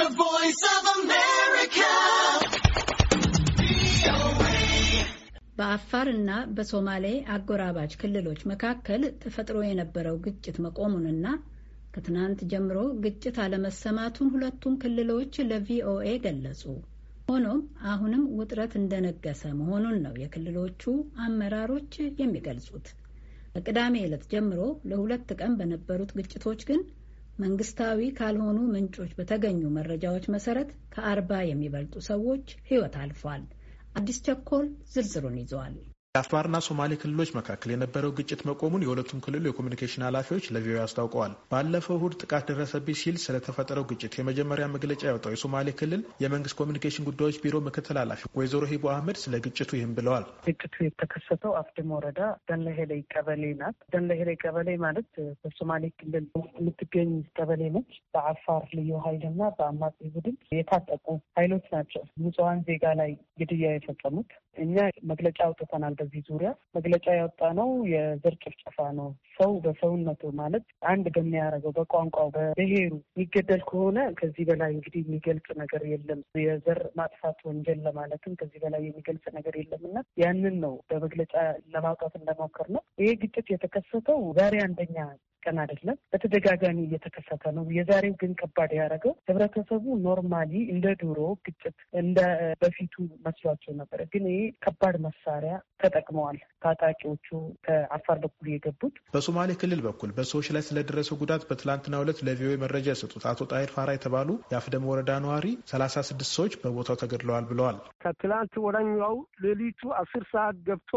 The Voice of America. በአፋርና በሶማሌ አጎራባች ክልሎች መካከል ተፈጥሮ የነበረው ግጭት መቆሙንና ከትናንት ጀምሮ ግጭት አለመሰማቱን ሁለቱም ክልሎች ለቪኦኤ ገለጹ። ሆኖም አሁንም ውጥረት እንደነገሰ መሆኑን ነው የክልሎቹ አመራሮች የሚገልጹት። ከቅዳሜ ዕለት ጀምሮ ለሁለት ቀን በነበሩት ግጭቶች ግን መንግስታዊ ካልሆኑ ምንጮች በተገኙ መረጃዎች መሰረት ከአርባ የሚበልጡ ሰዎች ህይወት አልፏል። አዲስ ቸኮል ዝርዝሩን ይዘዋል። የአፋርና ሶማሌ ክልሎች መካከል የነበረው ግጭት መቆሙን የሁለቱም ክልሉ የኮሚኒኬሽን ኃላፊዎች ለቪኦኤ አስታውቀዋል። ባለፈው እሁድ ጥቃት ደረሰብኝ ሲል ስለተፈጠረው ግጭት የመጀመሪያ መግለጫ ያወጣው የሶማሌ ክልል የመንግስት ኮሚኒኬሽን ጉዳዮች ቢሮ ምክትል ኃላፊ ወይዘሮ ሂቡ አህመድ ስለ ግጭቱ ይህም ብለዋል። ግጭቱ የተከሰተው አፍድም ወረዳ ደንለሄላይ ቀበሌ ናት። ደንለሄለይ ቀበሌ ማለት በሶማሌ ክልል የምትገኝ ቀበሌ ነች። በአፋር ልዩ ኃይልና በአማጺ ቡድን የታጠቁ ኃይሎች ናቸው ንጹሐን ዜጋ ላይ ግድያ የፈጸሙት። እኛ መግለጫ አውጥተናል በዚህ ዙሪያ መግለጫ ያወጣ ነው የዘር ጭፍጨፋ ነው ሰው በሰውነቱ ማለት አንድ በሚያደርገው በቋንቋው፣ በብሔሩ የሚገደል ከሆነ ከዚህ በላይ እንግዲህ የሚገልጽ ነገር የለም። የዘር ማጥፋት ወንጀል ለማለትም ከዚህ በላይ የሚገልጽ ነገር የለም እና ያንን ነው በመግለጫ ለማውጣት እንደሞከር ነው። ይሄ ግጭት የተከሰተው ዛሬ አንደኛ ቀን አይደለም፣ በተደጋጋሚ እየተከሰተ ነው። የዛሬው ግን ከባድ ያደረገው ህብረተሰቡ ኖርማሊ እንደ ድሮ ግጭት እንደ በፊቱ መስሏቸው ነበረ። ግን ይሄ ከባድ መሳሪያ ተጠቅመዋል ታጣቂዎቹ ከአፋር በኩል የገቡት በሶማሌ ክልል በኩል በሰዎች ላይ ስለደረሰው ጉዳት በትላንትና ዕለት ለቪኦኤ መረጃ የሰጡት አቶ ጣይር ፋራ የተባሉ የአፍደም ወረዳ ነዋሪ ሰላሳ ስድስት ሰዎች በቦታው ተገድለዋል ብለዋል። ከትላንት ወዳኛው ሌሊቱ አስር ሰዓት ገብቶ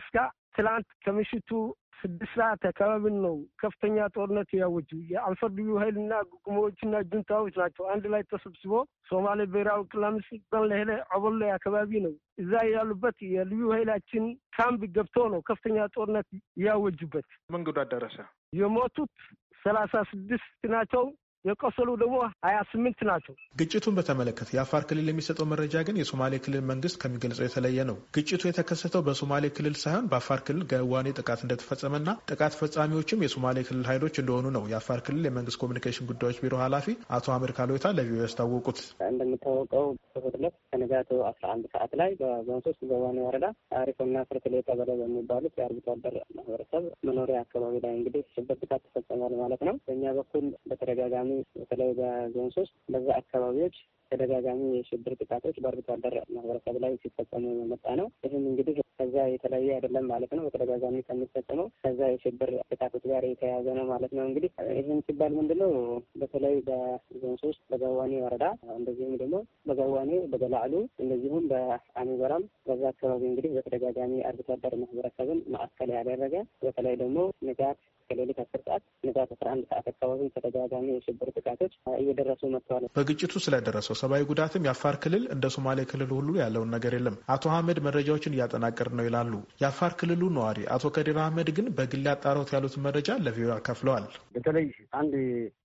እስከ ትላንት ከምሽቱ ስድስት ሰዓት አካባቢን ነው ከፍተኛ ጦርነት ያወጁ የአልፈርድዩ ኃይልና ጉሞዎችና ጁንታዎች ናቸው። አንድ ላይ ተሰብስቦ ሶማሌ ብሔራዊ ክላምስ ለሄለ ዐበሎ አካባቢ ነው እዛ ያሉበት የልዩ ኃይላችን ካምፕ ገብቶ ነው ከፍተኛ ጦርነት ያወጁበት። መንገዱ አዳረሰ የሞቱት ሰላሳ ስድስት ናቸው። የቆሰሉ ደግሞ ሀያ ስምንት ናቸው። ግጭቱን በተመለከተ የአፋር ክልል የሚሰጠው መረጃ ግን የሶማሌ ክልል መንግስት ከሚገልጸው የተለየ ነው። ግጭቱ የተከሰተው በሶማሌ ክልል ሳይሆን በአፋር ክልል ገዋኔ ጥቃት እንደተፈጸመና ጥቃት ፈጻሚዎችም የሶማሌ ክልል ኃይሎች እንደሆኑ ነው የአፋር ክልል የመንግስት ኮሚኒኬሽን ጉዳዮች ቢሮ ኃላፊ አቶ አሚር ካሎታ ለቪኦኤ ያስታወቁት። እንደሚታወቀው እሑድ ዕለት ከንጋቱ አስራ አንድ ሰዓት ላይ በዞን ገዋኔ ወረዳ አሪፎና ፍርትሌ ቀበሌ በሚባሉት የአርብቶ አደር ማህበረሰብ መኖሪያ አካባቢ ላይ እንግዲህ ሽብር ጥቃት ተፈጸሟል ማለት ነው። በእኛ በኩል በተደጋጋሚ በተለይ በዞን ሶስት በዛ አካባቢዎች ተደጋጋሚ የሽብር ጥቃቶች በአርብቶ አደር ማህበረሰብ ላይ ሲፈጸሙ የመጣ ነው። ይህም እንግዲህ ከዛ የተለየ አይደለም ማለት ነው። በተደጋጋሚ ከሚፈጸመው ከዛ የሽብር ጥቃቶች ጋር የተያያዘ ነው ማለት ነው። እንግዲህ ይህም ሲባል ምንድነው በተለይ በዞን ሶስት በጋዋኔ ወረዳ እንደዚሁም ደግሞ በጋዋኔ በገላዕሉ እንደዚሁም በአሚበራም በዛ አካባቢ እንግዲህ በተደጋጋሚ አርብቶ አደር ማህበረሰብን ማዕከል ያደረገ በተለይ ደግሞ ንጋት ከሌሊት አስር ሰዓት ንጋት አስራ አንድ ሰዓት አካባቢ ተደጋጋሚ የሽብር ጥቃቶች እየደረሱ መጥተዋል። በግጭቱ ስለደረሰው ሰብአዊ ጉዳትም የአፋር ክልል እንደ ሶማሌ ክልል ሁሉ ያለውን ነገር የለም። አቶ አህመድ መረጃዎችን እያጠናቀር ነው ይላሉ። የአፋር ክልሉ ነዋሪ አቶ ከዲር አህመድ ግን በግል ያጣረውት ያሉትን መረጃ ለቪዮ አካፍለዋል። በተለይ አንድ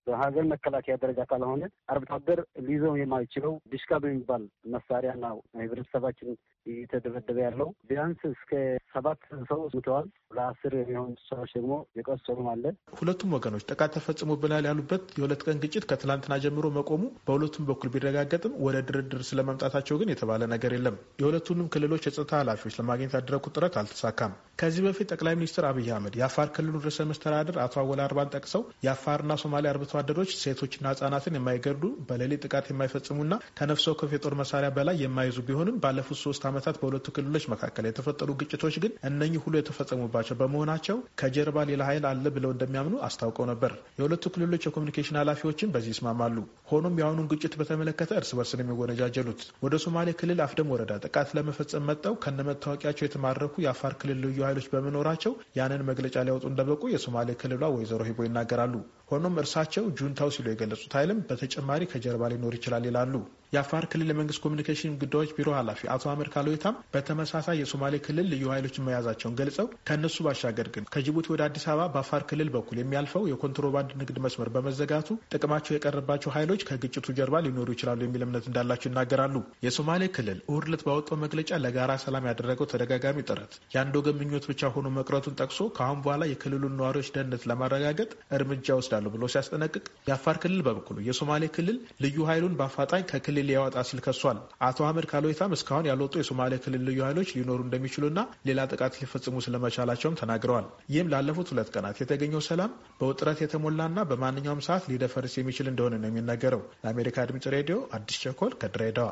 በሀገር መከላከያ ደረጃ ካልሆነ አርብቶ አደር ሊይዘው የማይችለው ዲሽካ በሚባል መሳሪያ ነው ህብረተሰባችን እየተደበደበ ያለው። ቢያንስ እስከ ሰባት ሰው ሙተዋል፣ ለአስር የሚሆኑ ሰዎች ደግሞ የቆሰሉም አለ። ሁለቱም ወገኖች ጥቃት ተፈጽሞብናል ያሉበት የሁለት ቀን ግጭት ከትላንትና ጀምሮ መቆሙ በሁለቱም በኩል ቢደጋ ቢረጋገጥም ወደ ድርድር ስለመምጣታቸው ግን የተባለ ነገር የለም። የሁለቱንም ክልሎች የጸጥታ ኃላፊዎች ለማግኘት ያደረጉት ጥረት አልተሳካም። ከዚህ በፊት ጠቅላይ ሚኒስትር አብይ አህመድ የአፋር ክልሉን ርዕሰ መስተዳደር አቶ አወላ አርባን ጠቅሰው የአፋርና ሶማሌ አርብቶ አደሮች ሴቶችና ህጻናትን የማይገርዱ በሌሊት ጥቃት የማይፈጽሙና ከነፍሰ ወከፍ የጦር መሳሪያ በላይ የማይዙ ቢሆንም ባለፉት ሶስት ዓመታት በሁለቱ ክልሎች መካከል የተፈጠሩ ግጭቶች ግን እነኚህ ሁሉ የተፈጸሙባቸው በመሆናቸው ከጀርባ ሌላ ኃይል አለ ብለው እንደሚያምኑ አስታውቀው ነበር። የሁለቱ ክልሎች የኮሚኒኬሽን ኃላፊዎችም በዚህ ይስማማሉ። ሆኖም የአሁኑን ግጭት በተመለከተ በተመለከተ እርስ በርስን የሚወነጃጀሉት ወደ ሶማሌ ክልል አፍደም ወረዳ ጥቃት ለመፈጸም መጠው ከነመታወቂያቸው የተማረኩ የአፋር ክልል ልዩ ኃይሎች በመኖራቸው ያንን መግለጫ ሊያወጡ እንደበቁ የሶማሌ ክልሏ ወይዘሮ ሂቦ ይናገራሉ። ሆኖም እርሳቸው ጁንታው ሲሉ የገለጹት ኃይልም በተጨማሪ ከጀርባ ሊኖር ይችላል ይላሉ። የአፋር ክልል የመንግስት ኮሚኒኬሽን ጉዳዮች ቢሮ ኃላፊ አቶ አመር ካሎዊታም በተመሳሳይ የሶማሌ ክልል ልዩ ኃይሎችን መያዛቸውን ገልጸው ከእነሱ ባሻገር ግን ከጅቡቲ ወደ አዲስ አበባ በአፋር ክልል በኩል የሚያልፈው የኮንትሮባንድ ንግድ መስመር በመዘጋቱ ጥቅማቸው የቀረባቸው ኃይሎች ከግጭቱ ጀርባ ሊኖሩ ይችላሉ የሚል እምነት እንዳላቸው ይናገራሉ። የሶማሌ ክልል እሁድ ዕለት ባወጣው መግለጫ ለጋራ ሰላም ያደረገው ተደጋጋሚ ጥረት የአንድ ወገን ምኞት ብቻ ሆኖ መቅረቱን ጠቅሶ ከአሁን በኋላ የክልሉን ነዋሪዎች ደህንነት ለማረጋገጥ እርምጃ ይወስዳሉ ብሎ ሲያስጠነቅቅ፣ የአፋር ክልል በበኩሉ የሶማሌ ክልል ልዩ ኃይሉን በአፋጣኝ ከክልል ክልል ያወጣ ሲል ከሷል። አቶ አህመድ ካሎይታም እስካሁን ያልወጡ የሶማሌ ክልል ልዩ ኃይሎች ሊኖሩ እንደሚችሉና ሌላ ጥቃት ሊፈጽሙ ስለመቻላቸውም ተናግረዋል። ይህም ላለፉት ሁለት ቀናት የተገኘው ሰላም በውጥረት የተሞላና በማንኛውም ሰዓት ሊደፈርስ የሚችል እንደሆነ ነው የሚነገረው። ለአሜሪካ ድምጽ ሬዲዮ አዲስ ቸኮል ከድሬዳዋ